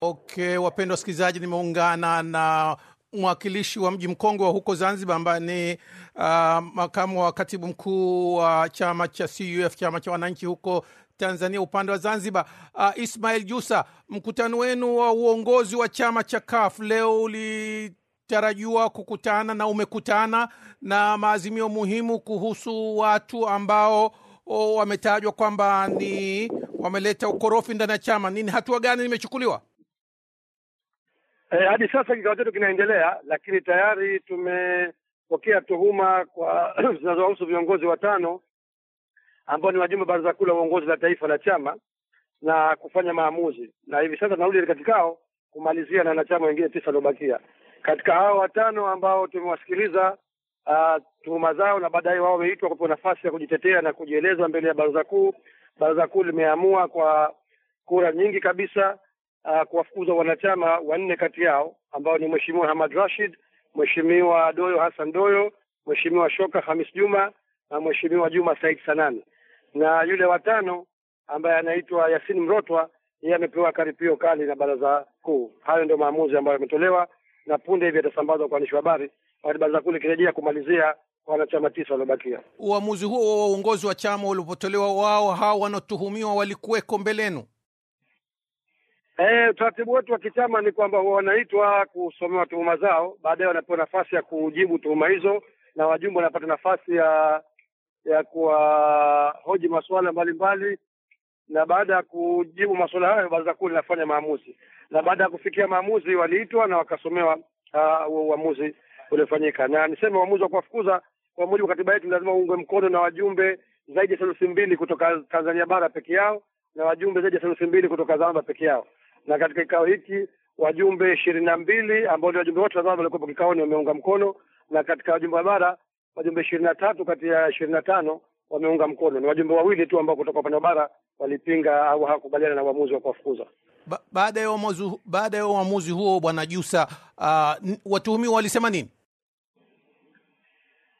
Okay, wapendwa wasikilizaji, nimeungana na mwakilishi wa mji mkongwe wa huko Zanzibar ambaye ni uh, makamu wa katibu mkuu wa uh, chama cha CUF, chama cha wananchi huko Tanzania upande wa Zanzibar. Uh, Ismail Jusa, mkutano wenu wa uongozi wa chama cha CUF leo ulitarajiwa kukutana na umekutana na maazimio muhimu kuhusu watu ambao wametajwa kwamba ni wameleta ukorofi ndani ya chama. Nini, hatua gani imechukuliwa? E, hadi sasa kikao chetu kinaendelea, lakini tayari tumepokea tuhuma kwa zinazowahusu viongozi watano ambao ni wajumbe baraza kuu la uongozi la taifa la chama na kufanya maamuzi, na hivi sasa tunarudi katika kikao kumalizia na wanachama wengine tisa waliobakia. Katika hao watano ambao tumewasikiliza uh, tuhuma zao, na baadaye wao wameitwa kupewa nafasi ya kujitetea na kujieleza mbele ya baraza kuu. Baraza kuu limeamua kwa kura nyingi kabisa uh, kuwafukuza wanachama wanne kati yao ambao ni Mheshimiwa Hamad Rashid, Mheshimiwa Doyo Hassan Doyo, Mheshimiwa Shoka Hamis Juma na Mheshimiwa Juma Said Sanani, na yule watano ambaye anaitwa Yasin Mrotwa yeye amepewa karipio kali na baraza kuu. Hayo ndio maamuzi ambayo yametolewa na punde hivi yatasambazwa kwa waandishi wa habari wakati baraza kuu likirejea kumalizia wanachama tisa waliobakia. Uamuzi huo wa uongozi wa chama ulipotolewa, wao hao wanaotuhumiwa walikuweko mbelenu? Eh, utaratibu wetu wa kichama ni kwamba wanaitwa kusomewa tuhuma zao, baadaye wanapewa nafasi ya kujibu tuhuma hizo, na wajumbe wanapata nafasi ya ya kuwahoji masuala mbalimbali, na baada ya kujibu masuala hayo, baraza kuu linafanya maamuzi, na baada ya kufikia maamuzi waliitwa na wakasomewa ah, uamuzi uh, uliofanyika. Na niseme uamuzi wa kuwafukuza kwa mujibu wa katiba yetu lazima uungwe mkono na wajumbe zaidi ya theluthi mbili kutoka Tanzania bara peke yao na wajumbe zaidi ya theluthi mbili kutoka Zanzibar peke yao na katika kikao hiki wajumbe ishirini na mbili ambao ni wajumbe wote wa vyama waliokuwepo kikaoni wameunga mkono, na katika wajumbe wa bara wajumbe ishirini na tatu kati ya ishirini na tano wameunga mkono. Ni wajumbe wawili tu ambao kutoka upande wa bara walipinga au hawakubaliana na uamuzi wa kuwafukuza. baada ya uamuzi baada ya uamuzi huo, bwana Jusa, uh, ah, watuhumiwa walisema nini?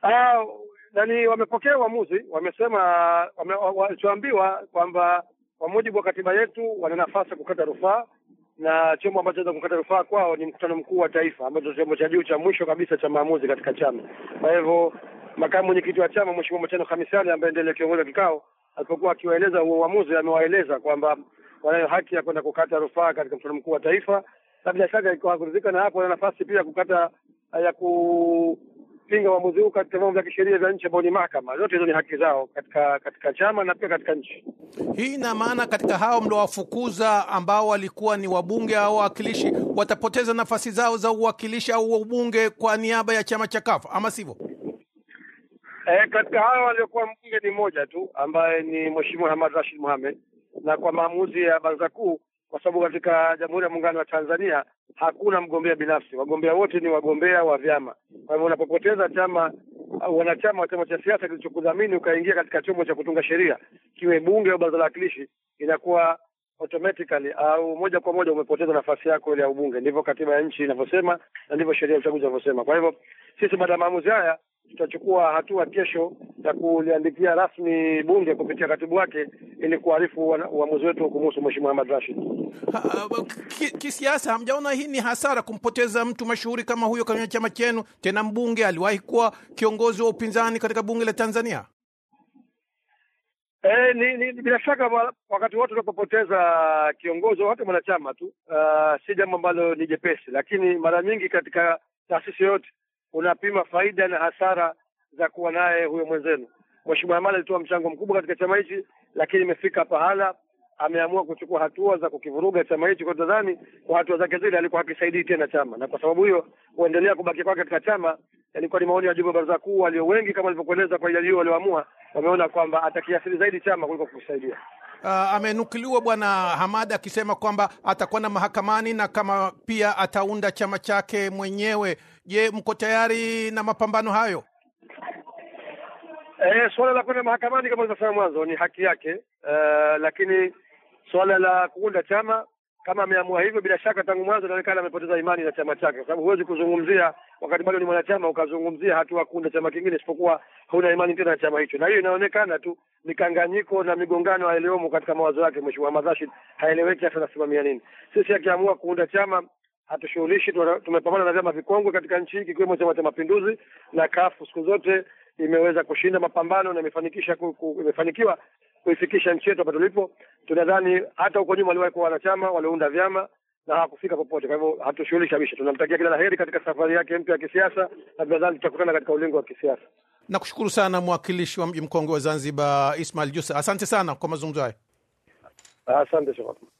Uh, wamepokea uamuzi, wamesema wame, walichoambiwa kwamba kwa mujibu wa katiba yetu wana nafasi ya kukata rufaa na chombo ambacho aweza kukata rufaa kwao ni mkutano mkuu wa taifa, ambacho chombo cha juu cha mwisho kabisa cha maamuzi katika chama. Kwa hivyo makamu mwenyekiti wa chama Mheshimiwa Machano Khamisani, ambaye ndiye aliongoza kikao, alipokuwa akiwaeleza huo uamuzi, amewaeleza kwamba wanayo haki ya kwenda kukata rufaa katika mkutano mkuu wa taifa, na bila shaka ikawakurizika na hapo, wana nafasi pia kukata ya ku kupinga uamuzi huu katika vyombo vya kisheria vya nchi ambayo ni mahakama. Zote hizo ni haki zao katika katika chama na pia katika nchi. Hii ina maana katika hao mliowafukuza ambao walikuwa ni wabunge au wawakilishi watapoteza nafasi zao za uwakilishi au ubunge kwa niaba ya chama cha Kafu, ama sivyo? E, katika hao waliokuwa mbunge ni mmoja tu ambaye ni Mheshimiwa Hamad Rashid Mohamed, na kwa maamuzi ya Baraza Kuu kwa sababu katika Jamhuri ya Muungano wa Tanzania hakuna mgombea binafsi, wagombea wote ni wagombea wa vyama. Kwa hivyo unapopoteza chama wanachama wa chama cha siasa kilichokudhamini ukaingia katika chombo cha kutunga sheria, kiwe bunge au baraza la wakilishi, inakuwa automatically au moja kwa moja umepoteza nafasi yako ile ya ubunge. Ndivyo katiba ya nchi inavyosema na ndivyo sheria ya uchaguzi inavyosema. Kwa hivyo sisi, baada ya maamuzi haya, tutachukua hatua kesho ya kuliandikia rasmi bunge kupitia katibu wake ili kuarifu uamuzi wetu kumuhusu Mheshimiwa Ahmad Rashid. Kisiasa, hamjaona hii ni hasara kumpoteza mtu mashuhuri kama huyo kwenye chama chenu, tena mbunge aliwahi kuwa kiongozi wa upinzani katika bunge la Tanzania? E, ni, ni bila shaka wakati wote unapopoteza kiongozi wakati mwanachama tu, uh, si jambo ambalo ni jepesi, lakini mara nyingi katika taasisi yoyote unapima faida na hasara za kuwa naye huyo mwenzenu. Mheshimiwa hamad alitoa mchango mkubwa katika chama hichi, lakini imefika pahala ameamua kuchukua hatua za kukivuruga chama hichi. Kwa nadhani kwa hatua zake zile alikuwa hakisaidii tena chama, na kwa sababu hiyo kuendelea kubaki kwake katika chama yalikuwa ni maoni ya jumbe wa baraza kuu walio wengi, kama alivyokueleza. Kwa idadi hiyo walioamua wameona kwamba atakiasiri zaidi chama kuliko kukisaidia. Uh, ah, amenukuliwa Bwana Hamada akisema kwamba atakwenda mahakamani na kama pia ataunda chama chake mwenyewe. Je, mko tayari na mapambano hayo? E, eh, suala la kwenda mahakamani kama ulivyosema mwanzo ni haki yake, uh, lakini suala la kuunda chama kama ameamua hivyo, bila shaka tangu mwanzo inaonekana amepoteza imani na chama chake, kwa sababu huwezi kuzungumzia wakati bado ni mwanachama ukazungumzia hatua kuunda chama kingine isipokuwa huna imani tena na chama hicho, na hiyo inaonekana tu mikanganyiko na migongano yaliyomo katika mawazo yake. Mheshimiwa Ahmad haeleweki hasa anasimamia nini. Sisi akiamua kuunda chama hatushughulishi. Tumepambana na vyama vikongwe katika nchi hii kikiwemo Chama cha Mapinduzi na kafu siku zote imeweza kushinda mapambano na imefanikisha imefanikiwa kuifikisha nchi yetu hapa tulipo. Tunadhani hata huko nyuma waliwahi kuwa wanachama, waliunda vyama na hawakufika popote. Kwa hivyo hatushughuli kabisa, tunamtakia kila la heri katika safari yake mpya ya kisiasa, na tunadhani tutakutana katika ulingo wa kisiasa. Nakushukuru sana mwakilishi wa mji mkongwe wa Zanzibar Ismail Jusa, asante sana kwa mazungumzo hayo. Asante Shukran.